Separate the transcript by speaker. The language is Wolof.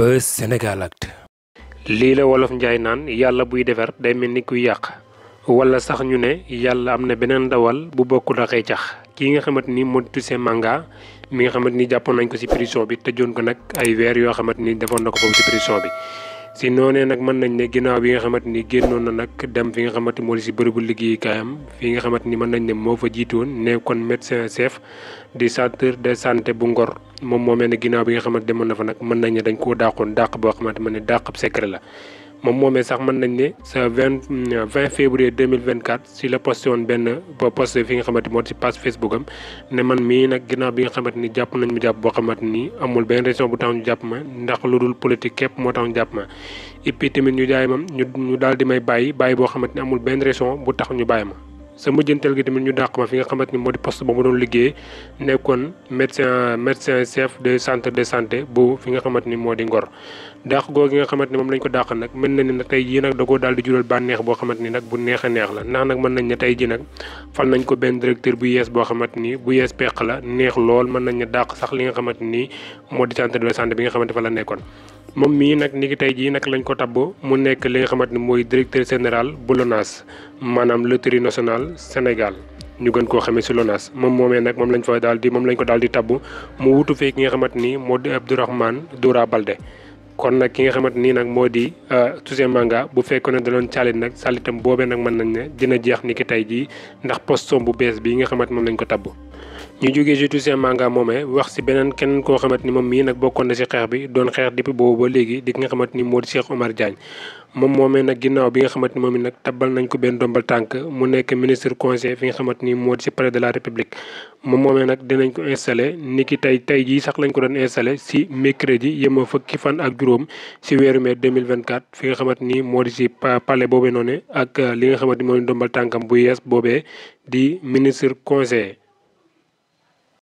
Speaker 1: Buzz lii la wolof njaay naan yàlla buy defar day mel ni kuy yàq wala sax ñu ne yàlla am na beneen dawal bu bokkul ak ay cax kii nga xamante ni moo di Toussaint mi nga xamante ni jàppoon nañ ko ci prison bi tëjoon ko nag ay weer yoo xamante ni defoon na ko foofu ci prison bi si noonee nag mën nañ ne ginnaaw bi nga xamante ni génnoon na nag dem fi nga xamante moo di si bërëbu liggéeyukaayam fi nga xamante ni mën nañ ne moo fa jiitoon nekkoon médecin chef di centre de santé bu Ngor moom moo mel ne ginnaaw bi nga xamante demoon na fa nag mën nañ ne dañ koo dàqoon dàq boo xamante ma ne dàq secret la moom moomee sax mën nañ ne sa vingt euh, vingt février deux mille vingt quatre si la posté woon benn ba euh, posté fi nga xamante moo ci page Facebook am ne man mii nag ginnaaw bi nga xamante ni jàpp nañ mu jàpp boo xamante ni amul benn raison bu tax ñu jàpp ma ndax lu dul politique képp moo tax ñu jàpp ma. et puis tamit ñu jaay ma ñu ñu daal di may bàyyi bàyyi boo xamante ni amul benn région bu tax ñu bàyyi ma. sa mujjantal gi tamit ñu dàq ma fi nga xamante ni moo di poste ba mu doon liggéey nekkoon médecin médecin chef de centre de santé bu fi nga xamante ni moo di Ngor dàq googu nga xamante ni moom lañ ko dàq nag mën na ni nag tey jii nag da koo daal di jural bànneex boo xamante ni nag bu neex a neex la ndax nag mën nañ ne tey ji nag fal nañ ko benn directeur bu yees boo xamante ni bu yees peq la neex lool mën nañ ne dàq sax li nga xamante nii moo di centre de santé bi nga xamante fa la nekkoon moom mii nag ni ki tey jii nag lañ ko tabb mu nekk li nga xamante ni mooy directeur général bu LONASE maanaam loterie national Sénégal ñu gën koo xamee si LONASE moom moomee nag moom lañ fa daal di moom lañ ko daal di tabb mu wutu fee ki nga xamante ni moo di Abdourahmane Doura Baldé kon nag ki nga xamante nii nag moo di euh, Toussaint Manga bu fekkoon ne da doon caalit nag salitam boobee nag mën nañ ne dina jeex ni ki tey jii ndax postom bu bees bi nga xamante moom lañ ko tabb ñu jógee ci Toussaint Manga moomee wax si beneen keneen koo xamante ni moom mii nag bokkoon na si xeex bi doon xeex depuis boobu ba léegi di ki nga xamante ni moo di Cheikh Omar Diagne moom moomee nag bi nga xamante ni moom it nag tabbal ko benn dombal tànk mu nekk ministre conseil fi nga xamante ni moo di si palais de la république moom moomee nag dinañ ko installé ni ki tey tey jii sax lañ ko doon installé si mercredi yema fukki fan ak juróom si weeru mai 2024 fi nga xamante ni moo di si palais boobee noonu ak li nga xamante ni moom dombal tànkam bu yees boobee di ministre conseil